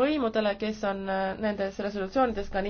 võimudele, kes on äh, nendes resolutsioonides ka